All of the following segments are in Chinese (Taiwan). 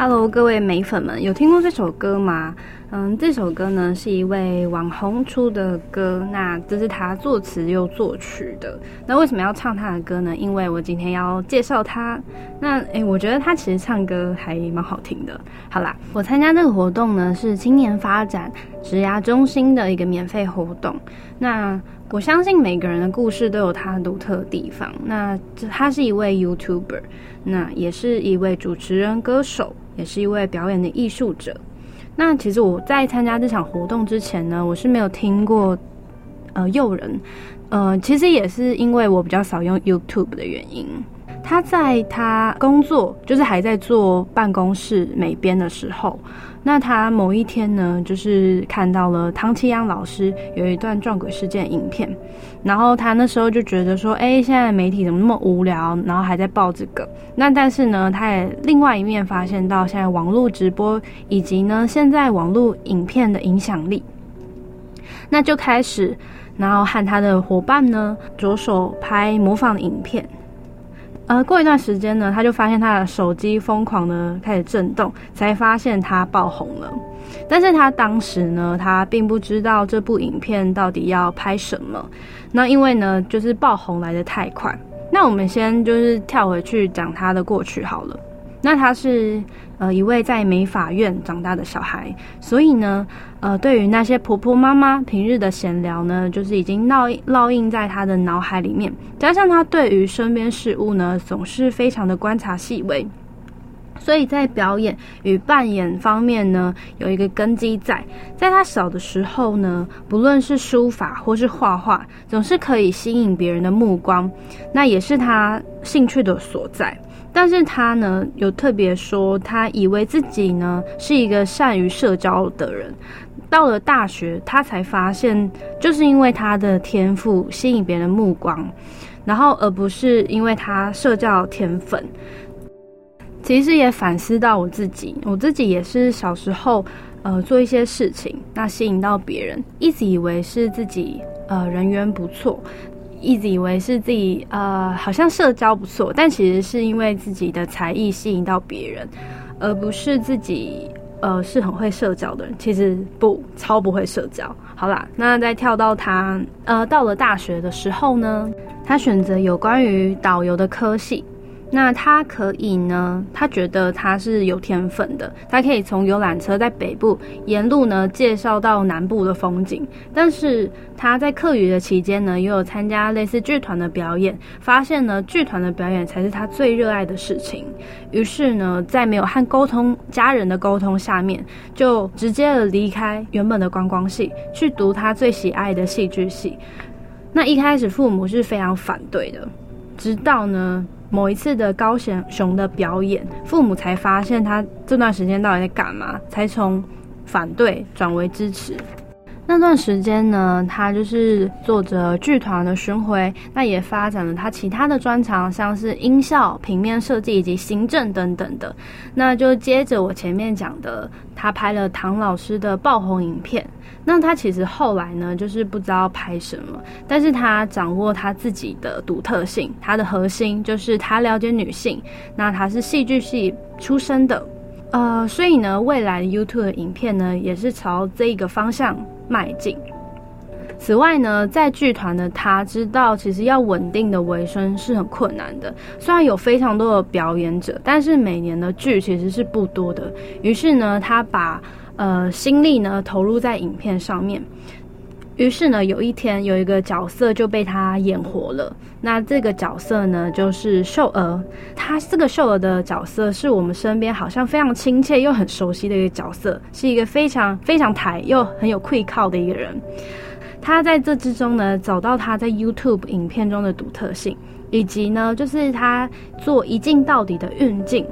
Hello，各位美粉們，有聽過這首歌嗎？嗯，這首歌呢，是一位網紅出的歌，那這是他作詞又作曲的。那為什麼要唱他的歌呢？因為我今天要介紹他。那誒，我覺得他其實唱歌還蠻好聽的。好啦，我參加這個活動呢，是青年發展職涯中心的一個免費活動。那我相信每個人的故事都有他獨特的地方。那他是一位 YouTuber，那也是一位主持人、歌手，也是一位表演的藝術者。那其實我在參加這場活動之前呢，我是沒有聽過，呃，又仁，呃，其實也是因為我比較少用 YouTube 的原因。他在他工作，就是還在做辦公室美編的時候，那他某一天呢，就是看到了湯七央老師有一段撞鬼事件影片，然後他那時候就覺得說，哎、欸，現在媒體怎麼那麼無聊，然後還在報這個？那但是呢，他也另外一面發現到現在網絡直播以及呢現在網絡影片的影響力，那就開始，然後和他的伙伴呢着手拍模仿的影片。呃，過一段時間呢，他就發現他的手機瘋狂的開始震動，才發現他爆紅了。但是他當時呢，他並不知道這部影片到底要拍什麼。那因為呢，就是爆紅來得太快。那我們先就是跳回去講他的過去好了。那他是呃一位在美髮院長大的小孩，所以呢，呃，對於那些婆婆媽媽平日的閒聊呢，就是已經烙印烙印在他的腦海裡面。加上他對於身邊事物呢，總是非常的觀察細微，所以在表演與扮演方面呢，有一個根基在。在他小的時候呢，不論是書法或是畫畫，總是可以吸引別人的目光，那也是他興趣的所在。但是他呢，有特別說，他以為自己呢是一個善於社交的人，到了大學，他才發現，就是因為他的天賦吸引別人目光，然後而不是因為他社交天分。其實也反思到我自己，我自己也是小時候，呃，做一些事情，那吸引到別人，一直以為是自己，呃，人緣不錯。一直以為是自己呃，好像社交不錯，但其實是因為自己的才藝吸引到別人，而不是自己呃是很會社交的人。其實不，超不會社交。好啦，那再跳到他呃到了大學的時候呢，他選擇有關於導遊的科系。那他可以呢？他覺得他是有天分的，他可以從遊覽車在北部沿路呢介紹到南部的風景。但是他在課餘的期間呢，也有參加類似劇團的表演，發現呢劇團的表演才是他最熱愛的事情。於是呢，在沒有和溝通家人的溝通下面，就直接的離開原本的觀光系，去讀他最喜愛的戲劇系。那一開始父母是非常反對的，直到呢。某一次的高雄熊的表演，父母才發現他這段時間到底在幹嘛，才從反對轉為支持。那段時間呢，他就是做着劇團的巡迴，那也發展了他其他的專長，像是音效、平面設計以及行政等等的。那就接着我前面講的，他拍了唐老師的爆紅影片。那他其實後來呢，就是不知道拍什麼，但是他掌握他自己的獨特性，他的核心就是他了解女性。那他是戲劇系出身的，呃，所以呢，未來的 YouTube 的影片呢，也是朝這一個方向。邁進。此外呢，在劇團的他知道，其實要穩定的維生是很困難的。雖然有非常多的表演者，但是每年的劇其實是不多的。於是呢，他把呃心力呢投入在影片上面。於是呢，有一天有一個角色就被他演活了。那這個角色呢，就是秀兒。他這個秀兒的角色是我們身邊好像非常親切又很熟悉的一個角色，是一個非常非常台又很有氣口的一個人。他在這之中呢，找到他在 YouTube 影片中的獨特性，以及呢，就是他做一鏡到底的運鏡。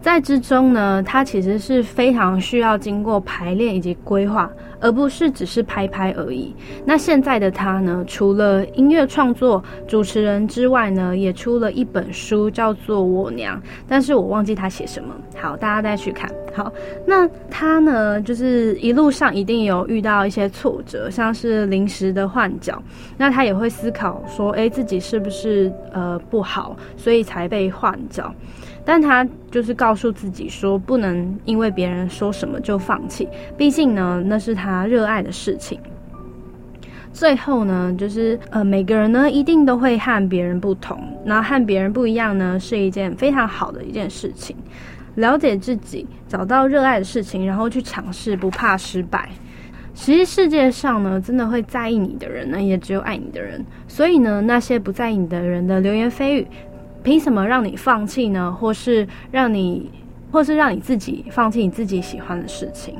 在之中呢，他其實是非常需要經過排練以及規劃，而不是只是拍拍而已。那現在的他呢，除了音樂創作、主持人之外呢，也出了一本書，叫做《我娘》，但是我忘記他寫什麼。好，大家再去看好。那他呢，就是一路上一定有遇到一些挫折，像是臨時的換角，那他也會思考說，哎、欸，自己是不是呃不好，所以才被換角？但他就是告訴。告訴自己說，不能因為別人說什麼就放棄，畢竟呢，那是他熱愛的事情。最後呢，就是呃，每個人呢一定都會和別人不同，那和別人不一樣呢是一件非常好的一件事情。了解自己，找到熱愛的事情，然後去嘗試，不怕失敗。其實世界上呢，真的會在意你的人呢，也只有愛你的人。所以呢，那些不在意你的人的流言蜚語。憑什麼讓你放棄呢？或是讓你，或是讓你自己放棄你自己喜歡的事情？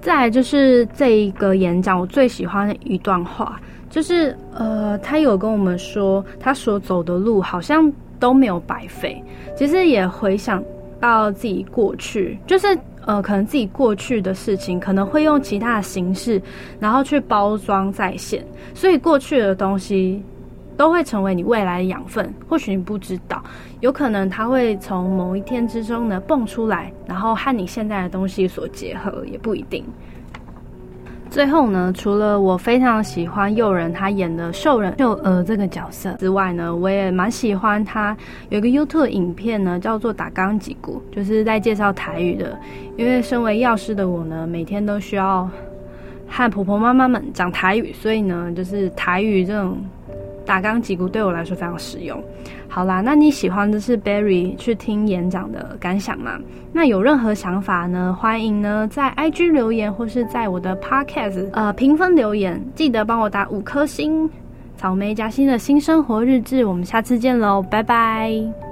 再來就是這一個演講，我最喜歡的一段話，就是呃，他有跟我們說，他所走的路好像都沒有白費。其實也回想到自己過去，就是呃，可能自己過去的事情，可能會用其他的形式，然後去包裝再現。所以過去的東西。都會成為你未來的養分。或許你不知道，有可能他會從某一天之中呢蹦出來，然後和你現在的東西所結合，也不一定。最後呢，除了我非常喜歡又仁他演的獸人秀娥這個角色之外呢，我也蠻喜歡他有一個 YouTube 影片呢，叫做打鋼幾股，就是在介紹台語的。因為身為藥師的我呢，每天都需要和婆婆媽媽們講台語，所以呢，就是台語這種。打鋼脊骨對我來說非常實用。好啦，那你喜歡的是 Berry 去聽演講的感想嗎？那有任何想法呢？歡迎呢在 IG 留言或是在我的 podcast 呃評分留言，記得幫我打五顆星。草莓夾心的新生活日誌，我們下次見嘍，拜拜。